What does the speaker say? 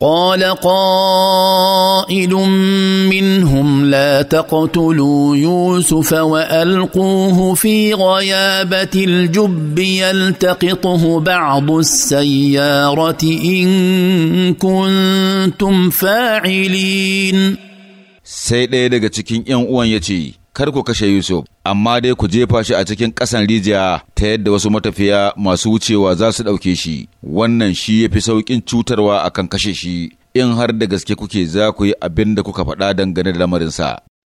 قال قائل منهم لا تقتلوا يوسف والقوه في غيابه الجب يلتقطه بعض السياره ان كنتم فاعلين sai ɗaya daga cikin ‘yan kar ku kashe Yusuf, amma dai ku jefa shi a cikin ƙasan rijiya ta yadda wasu matafiya masu wucewa za su ɗauke shi, wannan shi ya fi sauƙin cutarwa a kan kashe shi, in har da gaske kuke za ku yi abin da kuka faɗa dangane da lamarinsa.